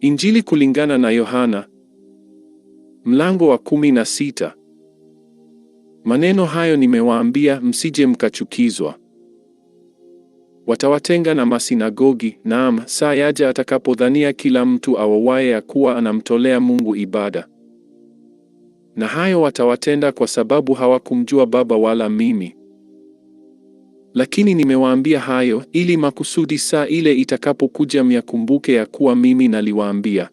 Injili kulingana na Yohana mlango wa kumi na sita. Maneno hayo nimewaambia msije mkachukizwa. Watawatenga na masinagogi, naam, saa yaja atakapodhania kila mtu awawaye ya kuwa anamtolea Mungu ibada. Na hayo watawatenda kwa sababu hawakumjua Baba wala mimi. Lakini nimewaambia hayo ili makusudi saa ile itakapokuja myakumbuke ya kuwa mimi naliwaambia.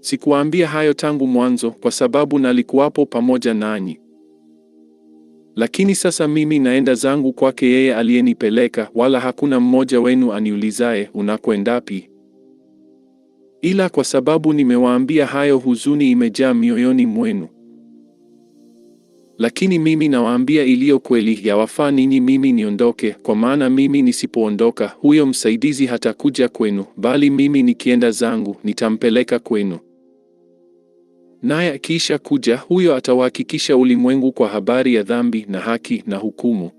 Sikuwaambia hayo tangu mwanzo kwa sababu nalikuwapo pamoja nanyi. Lakini sasa mimi naenda zangu kwake yeye aliyenipeleka, wala hakuna mmoja wenu aniulizaye unakwendapi. Ila kwa sababu nimewaambia hayo, huzuni imejaa mioyoni mwenu. Lakini mimi nawaambia iliyo kweli, yawafaa ninyi mimi niondoke. Kwa maana mimi nisipoondoka, huyo msaidizi hatakuja kwenu, bali mimi nikienda zangu nitampeleka kwenu. Naye akiisha kuja, huyo atawahakikisha ulimwengu kwa habari ya dhambi na haki na hukumu.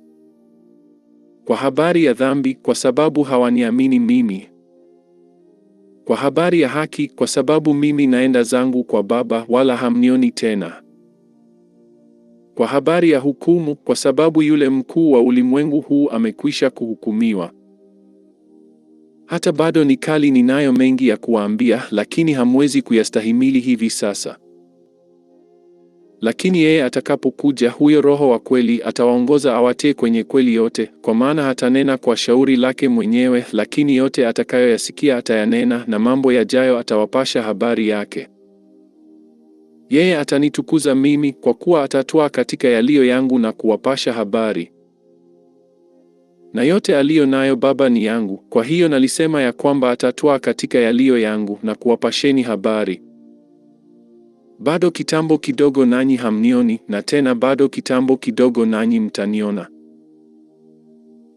Kwa habari ya dhambi, kwa sababu hawaniamini mimi; kwa habari ya haki, kwa sababu mimi naenda zangu kwa Baba, wala hamnioni tena kwa habari ya hukumu, kwa sababu yule mkuu wa ulimwengu huu amekwisha kuhukumiwa. Hata bado ni kali, ninayo mengi ya kuwaambia, lakini hamwezi kuyastahimili hivi sasa. Lakini yeye atakapokuja, huyo Roho wa kweli, atawaongoza awatie kwenye kweli yote, kwa maana hatanena kwa shauri lake mwenyewe, lakini yote atakayoyasikia atayanena, na mambo yajayo atawapasha habari yake. Yeye atanitukuza mimi, kwa kuwa atatwaa katika yaliyo yangu na kuwapasha habari. Na yote aliyo nayo Baba ni yangu, kwa hiyo nalisema ya kwamba atatwaa katika yaliyo yangu na kuwapasheni habari. Bado kitambo kidogo nanyi hamnioni, na tena bado kitambo kidogo nanyi mtaniona.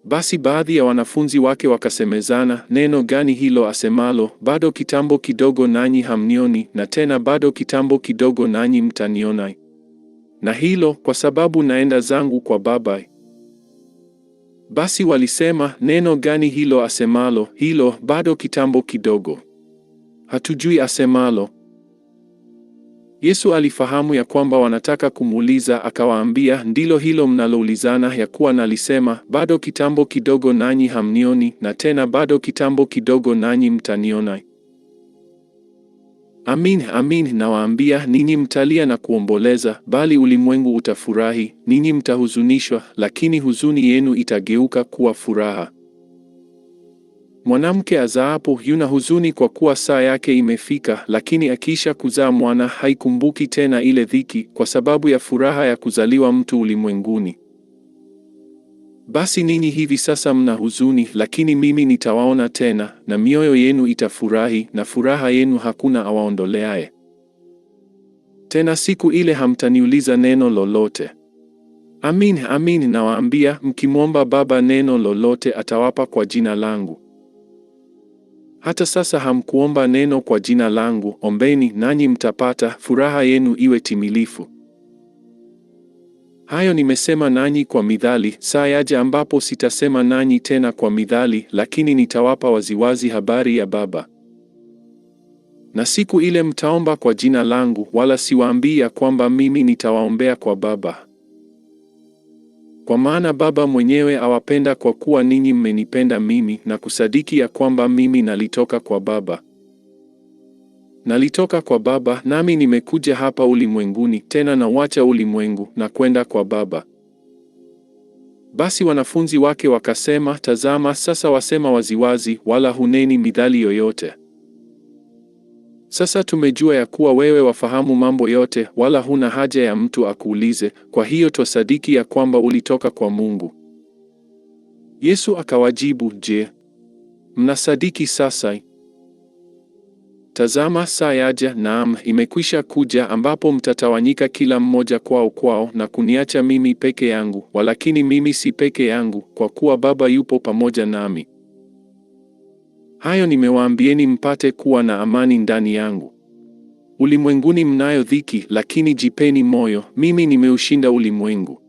Basi baadhi ya wanafunzi wake wakasemezana, neno gani hilo asemalo, bado kitambo kidogo nanyi hamnioni, na tena bado kitambo kidogo nanyi mtaniona? Na hilo kwa sababu naenda zangu kwa Baba. Basi walisema, neno gani hilo asemalo, hilo bado kitambo kidogo? Hatujui asemalo. Yesu alifahamu ya kwamba wanataka kumuuliza, akawaambia, ndilo hilo mnaloulizana ya kuwa nalisema, bado kitambo kidogo nanyi hamnioni, na tena bado kitambo kidogo nanyi mtaniona. Amin, amin nawaambia, ninyi mtalia na kuomboleza, bali ulimwengu utafurahi. Ninyi mtahuzunishwa, lakini huzuni yenu itageuka kuwa furaha. Mwanamke azaapo yuna huzuni kwa kuwa saa yake imefika, lakini akiisha kuzaa mwana haikumbuki tena ile dhiki, kwa sababu ya furaha ya kuzaliwa mtu ulimwenguni. Basi ninyi hivi sasa mna huzuni, lakini mimi nitawaona tena, na mioyo yenu itafurahi, na furaha yenu hakuna awaondoleaye. Tena siku ile hamtaniuliza neno lolote. Amin, amin nawaambia, mkimwomba Baba neno lolote atawapa kwa jina langu. Hata sasa hamkuomba neno kwa jina langu, ombeni nanyi mtapata, furaha yenu iwe timilifu. Hayo nimesema nanyi kwa midhali, saa yaja ambapo sitasema nanyi tena kwa midhali, lakini nitawapa waziwazi habari ya Baba. Na siku ile mtaomba kwa jina langu, wala siwaambii ya kwamba mimi nitawaombea kwa Baba. Kwa maana Baba mwenyewe awapenda kwa kuwa ninyi mmenipenda mimi na kusadiki ya kwamba mimi nalitoka kwa Baba. Nalitoka kwa Baba nami nimekuja hapa ulimwenguni, tena nauacha ulimwengu na kwenda kwa Baba. Basi wanafunzi wake wakasema, tazama, sasa wasema waziwazi, wala huneni midhali yoyote. Sasa tumejua ya kuwa wewe wafahamu mambo yote, wala huna haja ya mtu akuulize. Kwa hiyo twasadiki ya kwamba ulitoka kwa Mungu. Yesu akawajibu, Je, mnasadiki sasa? Tazama, saa yaja, naam, imekwisha kuja, ambapo mtatawanyika kila mmoja kwao kwao, na kuniacha mimi peke yangu. Walakini mimi si peke yangu, kwa kuwa Baba yupo pamoja nami. Hayo nimewaambieni mpate kuwa na amani ndani yangu. Ulimwenguni mnayo dhiki, lakini jipeni moyo, mimi nimeushinda ulimwengu.